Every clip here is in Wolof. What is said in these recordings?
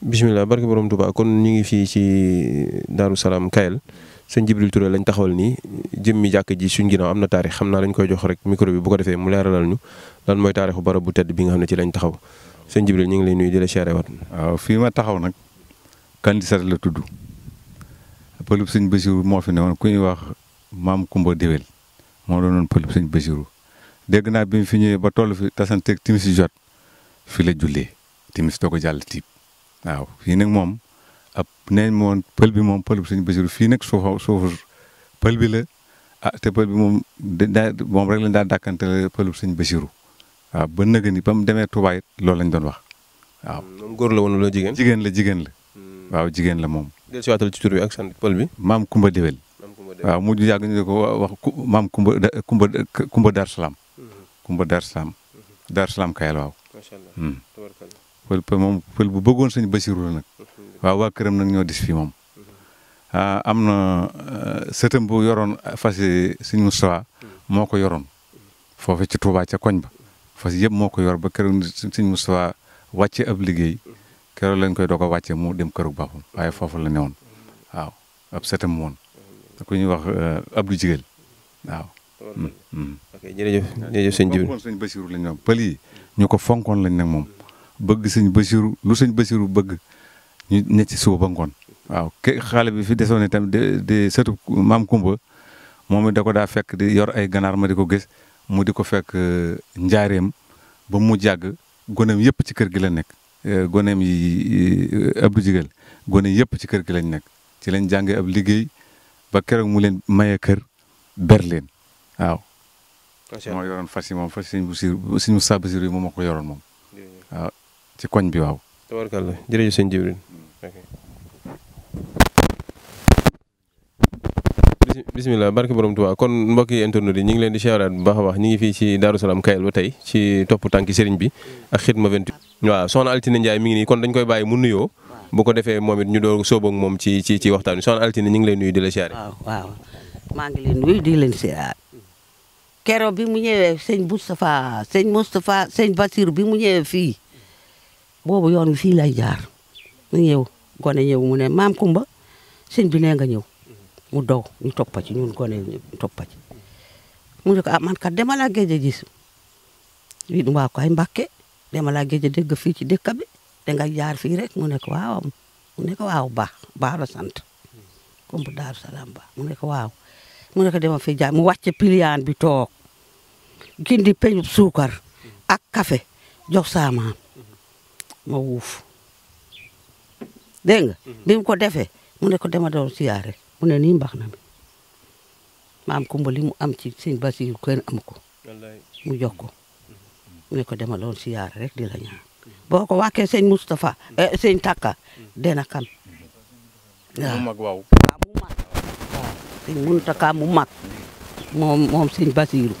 bisimilah barke borom Touba kon ñu ngi fii ci Daaru Salaam Kayel sëñ Jibril Touré lañ taxawal nii jëmmi jàkk ji suñ ginnaaw am na taarix xam naa lañ koy jox rek micro bi bu ko defee mu leeralal ñu lan mooy taarixu barab bu tedd bi nga xam ne ci lañ taxaw sëñ Jibril ñu ngi lay nuy di la seere wat waaw fii ma taxaw nag Kandisar la tudd pëlub sëñ Basiru moo fi ne woon ku wax maam Kumba Déwél moo doonoon pëlub sëñ Basiru dégg naa bi mu fi ñëwee ba toll fi tasanteeg timis si jot fi la jullee timis doo ko jàll waaw fii nag moom ab neen moom pël bi moom pël bi sëñ Basiru fii nag suufa suufu pël bi la ah te pël bi moom daa moom rek lañ daa dàkkanteel pël bi sëñ Basiru waaw ba nëgë ni ba mu demee Tuubaa loolu lañ doon wax waaw. Hmm, moom góor la woon la jigéen. jigéen la jigéen la. Hmm. waaw jigéen la moom. del si ci tur bi ak sant pël bi. maam Kumba Déwél. waaw mujj yàgg ñu ne ko wax maam Kumba Kumba Kumba Dar Salaam. Hmm. Kumba Dar Salaam. Dar Salaam Kayal waaw. pël moom bu bëggoon sëñ Basiru la nag mhm. waaw waa këram nag ñoo dis fii moom mhm. ah, am na euh, sëtam bu yoroon fas yi sëñ Moustapha mhm. moo ko yoroon foofu ci Touba ca koñ ba fas yëpp moo ko yor ba këram mu Moustapha wàcce ab liggéey keroog lañ koy doog a wàcce mu dem këru baaxum waaye foofu la newoon waaw ab sëtam woon ñuy wax euh, Abdou Jigéel waaw. ok mm, mm. sëñ Jibril sëñ Basiru lañ moom pël yi ñu ko fonkoon lañ nag moom. bëgg sëñ Basiru lu sëñ Basiru bëgg ñu ne ci suba ngoon waaw ke xaale bi fi desoon itam de de sëtu maam Kumba moom it da ko daa fekk di yor ay ganaar ma di ko gis mu di ko fekk euh, njaareem ba mu jàgg goneem yëpp ci kër gi la nekk euh, goneem yi euh, Abdou Jigal gone yëpp ci kër gi lañ nekk ci lañ jàngee ab liggéey ba keroog mu leen maye kër Berlin waaw. a yoroon fas yi moom fas yi si suñu sàbësir yi moom moo yoroon moom waaw. ci koñ bi waaw. tabarkalla jërëjëf sëñ Jibril. bisimilah barke borom Tuubaa kon mbokki internet yi ñu ngi leen di siyaaraat bu baax a ñu ngi fii ci Daaru Salaam Kayel ba tey ci topp tànki bi ak xidma 28. waaw Altine Ndiaye mi ngi nii kon dañ koy bàyyi mu nuyoo bu ko defee moom it ñu doog sóoboo moom ci ci ci waxtaan wi soxna Altine ñu ngi leen nuyu di la siyaare. waaw waaw maa ngi leen nuyu bi mu ñëwee sëñ Moustapha sëñ Moustapha bi mu ñëwee fii. boobu yoon wi fii lay jaar mu ñëw gone ñëw mu ne maam Kumba sëñ bi nee nga ñëw mu dow ñu toppa ci ñun gone ñu toppa ci mu ne ko ah man kat dama laa géej a gis wi waa ko ay Mbàkke dama laa géej fii ci dëkk bi danga jaar fii rek mu ne ko waaw mu ne baax baax la sant Kumba Daaru Salaam mu ne ko waaw mu ne ko dama fi jaar mu wàcce piliyaan bi toog gindi peñu suukar ak café jox saamaam ma wuuf dégg nga. Mhm. ko defee mu ne ko dama doon siyaare mu ne nii mbax na mi maam Kumba mu am ci sëñ Basiru kenn am ko mu jox ko mhm. mu ko dama doon siyaare rek di la ñaan boo ko wakee sëñ Moustapha mhm. eh, sëñ Takka dena kam waaw mu mag waaw mu mag waaw sëñ mu mag moom moom sëñ Basiru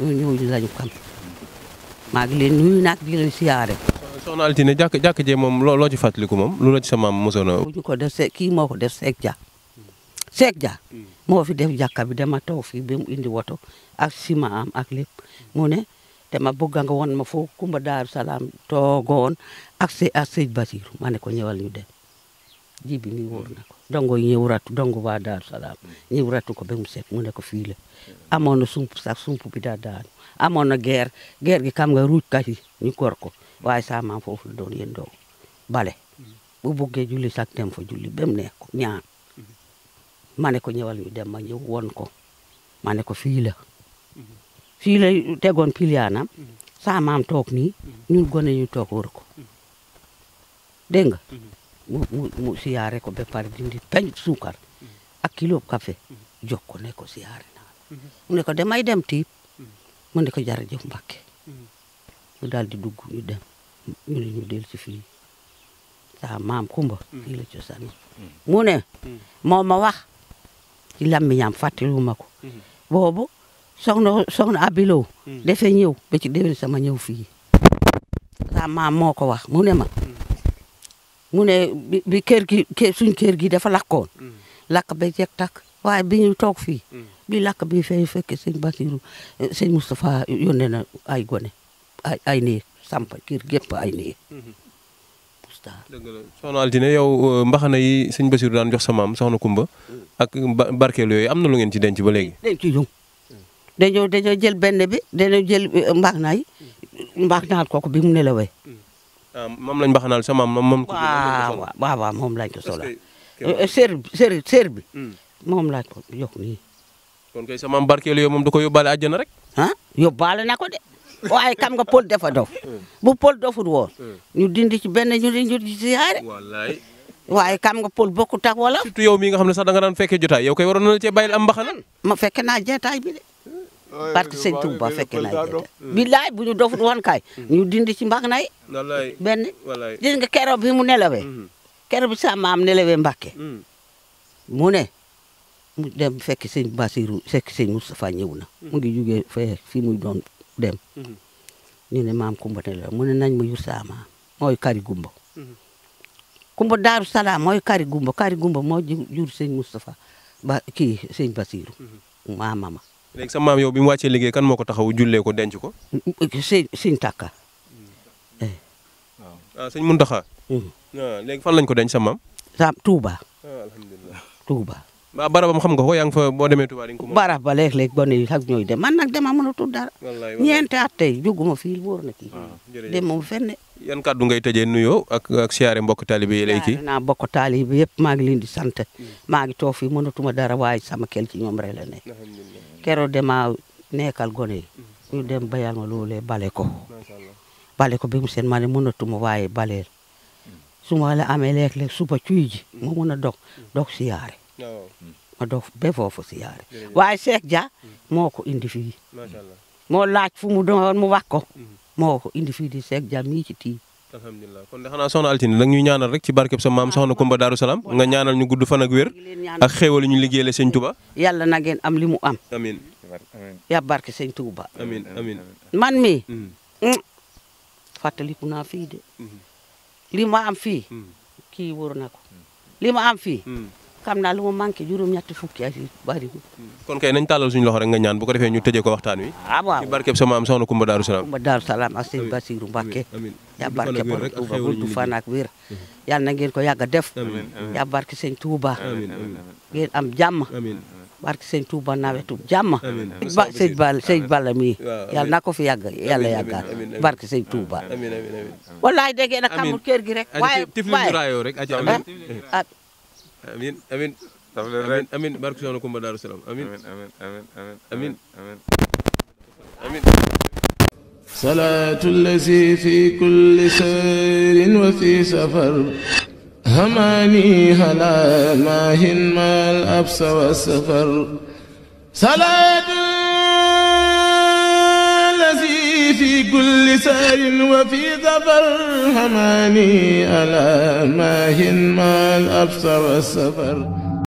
ñooñu lañu kam maa ngi leen nag di leen siyaare soxna Altine jàkk jàkk jee moom loo ci fàttaliku moom lu la ci sa maam mosoon a. mu ko def see kii moo ko def Seck Dia Seck Dia moo fi def jàkka bi dama taw fii ba mu indi woto ak ciment am ak lépp mu ne dama bëgg nga woon ma foo Kumba Daaru Salaam toogoon ak se ak sëñ Basiru ma ne ko ñëwal ñu dem ji bi nii wóor na ko dongo ñëwratu dongo waa Daaru Salaam ñëwratu ko ba mu set mu ne ko fii la amoon na sump sax sump bi daa daanu amoon na guerre guerre gi kam nga ruuj kat yi ñu kor ko waaye sa foofu la doon yéen doo bale mm. bu buggee julli sax dem fa julli ba mu ko ñaan mm-hmm. ma ne ko ñëwal ñu dem ma ñëw won ko ma ne ko fii fiila mm-hmm. fii la tegoon piliyaanam mm-hmm. sa toog nii ñun gone ñu toog wër ko dégg mu siyaare ko ba pare dindi peñ suukar ak kilo café jox ko ne ko siyaare naa mu ko demay dem tiib mu ne ko jërëjëf Mbàkke mu daal di dugg ñu dem ñu del si fii sa maam Kumba mm. fii la cosaan mm. mu ne mm. moo ma wax ci làmmiñam fàttaliwu ma ko mm-hmm. boobu soxna soxna abilow dafe ñëw ba ci déwén sama ñëw fii sa maam moo ko wax mu ma mu ne bi kër gi suñ kër gi dafa lakkoon lakk ba jeg takk waaye bi ñu toog fii bi lakk bi fay fekke sëñ Basiru eh, sëñ Moustapha yónnee na ay gone ay ay samp kër gépp ay néeg. Mhm. poustaar. dëgg soxna Altine yow euh, mbaxana yi sëñ Basiru daan jox sa soxna Kumba. Mm. ak barkeelu yooyu am na lu ngeen ci denc ba léegi. denc yu dañoo jël benn bi dañoo jël mbaax naay mbaax naal kooku bi mu nelawee. Mm. ah moom lañ mbaxanaal sa maam moom. waaw waaw waaw moom lañ ko solo. seer seer seer bi. Mm. moom lañ ko jox nii. kon kay sa maam barkeelu yooyu moom da ko yóbbaale àjjana rek. ah yóbbaale na ko de. waaye kam nga pël dafa dof hmm. bu pël doful woon hmm. ñu dindi ci benn ñu di ñu di siyaare waaye kam nga pël bokkut ak wala surtout yow mii nga xam ne sax da nga daan fekkee jotaay yow koy waroon na cee bàyyil am mbaxana ma fekke naa jotaay bi de hmm. sëñ Touba fekke naa billaay bu ñu doful woon kay ñu dindi ci mbax nay benn gis nga keroog bi mu nelawe keroog bi sa maam nelawee Mbàkke mu ne mu dem fekk sëñ Basiru fekk sëñ Moustapha ñëw na mu ngi jugee fee fi muy doon dem. Mhm. ñu ne maam Kumba ne la mu ne nañ ma yur sama mooy kari gumba. Mhm. Kumba Daaru Salaam mooy kari gumba kari gumba moo jur sëñ Moustapha ba kii sëñ Basiru mhm. maama ma. léegi sa bi mu wàccee liggéey kan moo ko taxaw jullee ko denc ko. sëñ sëñ Takka. waaw eh. ah, sëñ Muntaxa. Ah, fan lañ ko denc sa tuuba ah, Touba. barabam xam nga ko yaa boo demee Touba di nga ko. barab ba léeg-léeg ba nii ak ñooy dem man nag dama mënatul dara. wallaay wallaay ñeenti at tey jóguma fii wóor na kii. Ah, dem moom fenn. yan kàddu ngay tëjee nuyoo ak ak siyaare mbokk taalibe yi lay kii. naa mbokk yëpp maa ngi leen di sant. Hmm. maa fii mënatuma dara waaye sama kel ci ñoom rek la ne. keroog damaa nekkal gone yi. Hmm. ñu dem bayal ma loolee bale ko. bale ko bi mu seen ma ne mënatuma waaye baleel. Hmm. su ma la amee léeg-léeg suba cuy ji mën a dog dog siyaare ma dox ba foofu si yaare waaye Cheikh Dia moo ko indi fii moo laaj fu mu doon mu wax ko mm-hmm. moo ko indi fi di Cheikh Dia mii ci tii alhamdulilah kon de xanaa soxna Altine da ñuy ñaanal rek ci barkeb sa maam soxna Kumba Daaru Salaam nga ñaanal ñu gudd fan ak wér ak xéewal ñu liggéeyale sëñ Touba. yàlla na ngeen am li mu am. amiin ya barke sëñ Touba. man mi mm-hmm. mm. fàttaliku naa fii de. Mm-hmm. li am fii. kii wóor na ko. li am fii. xam naa lu ma manqué juróom-ñetti fukki at yi bariwul. kon kay nañ tàllal suñu loxo rek nga ñaan bu ko defee ñu tëjee ko waxtaan wi. ah waaw ci barkeb sama am soxna Kumba Daaru Salaam. Kumba Daaru Salaam ak sëñ Basiru Mbàkke. amiin yaa barke borom Tuuba buntu fan a def. Tuuba. ngeen am jàmm. barke ba sëñ Bal na ko fi yàgg yàlla yàggaat barke sëñ Tuuba. amiin amiin amiin. walaay dégg na xamul kër gi rek. amin amin daf leen rek amin barke Soxna Kumba Daaru Salaam amin amin amin amin amin amin salaatul lazi fi kulli sayrin wa fi safar هماني هلا ماهن ما الأبس والسفر صلاة في كل سهر وفي ظفر حماني ألا ماهن ما الأبصر والسفر